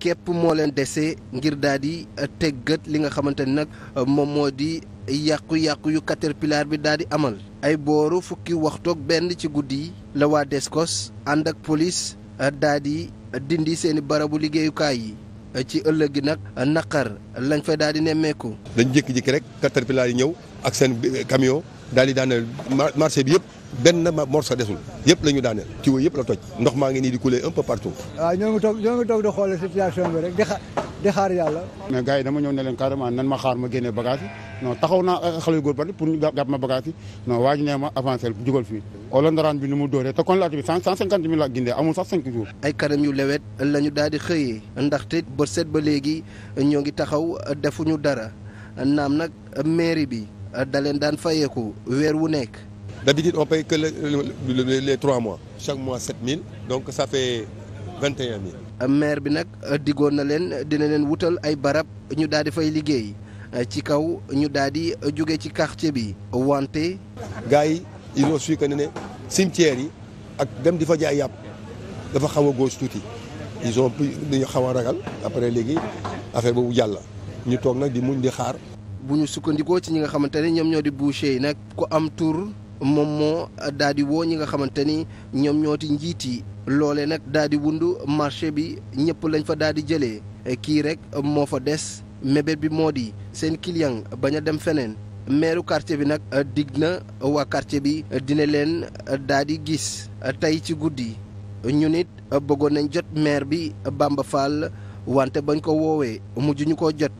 képp moo leen dese ngir daal di euh, teggat li nga xamante ni nag euh, moom moo di yàqu-yàqu yu caterpillar bi daal di amal. ay booru fukki waxtoog benn ci guddi yi la waa Descos ànd ak polis euh, daal di dindi seeni barabu liggéeyukaay yi. ci ëllëg gi nag naqar lañ fa daal di nemmeeku. dañ jékki-jékki rek caterpillar yi ñëw ak seen camion daal di daaneel marché bi yëpp benn morceau desul yëpp la ñu daaneel ci yëpp la toj ndox maa ngi nii di couler un peu partout. waaw ñoo ngi toog ñoo ngi toog di xool situation bi rek di di xaar yàlla. mais gars yi dama ñëw ne leen carrément nan ma xaar ma génnee bagage yi non taxaw naa ak euh, xale yu góor bari pour ñu gàpp ma bagage yi non waa ji nee ma avancé la jugal fii. olandaraan bi nu mu dóoree te kon laata bi cent cinquante mille la gindee amul sax cinq jours. ñu daal di xëyee ndaxte ba set ba léegi ñoo ngi taxaw euh, defuñu dara naam nag mairie bi euh, da leen daan fayeeku weer wu nekk. d'habitude on paye que les trois mois chaque mois sept mille donc sa fait. 21 000. maire bi nag euh, diggoon na leen dina leen wutal ay barab ñu daal di fay liggéey euh, ci kaw ñu daal di euh, jóge ci quartier bi wante. gars yi ils ont su ne ne cimetière yi ak dem di fa jaay yàpp dafa xaw a góos tuuti ils ont pu dañu xaw a ragal après léegi affaire boobu jàll ñu toog nag di muñ di xaar. bu ñu sukkandikoo ci ñi nga xamante ne ñoom ñoo di boucher yi nag ku am tur. moom moo daal di woo ñi nga xamante ni ñoom ñooti njiit yi loole nag daal di wundu marché bi ñëpp lañ fa daal di jëlee kii rek moo fa des mébét bi moo di seen client bañ a dem feneen meeru quartier bi nag digg na waa quartier bi dina leen daal di gis tey ci guddi ñu nit bëggoon nañ jot maire bi Bamba Fall wante bañ ko woowee mujj ñu ko jot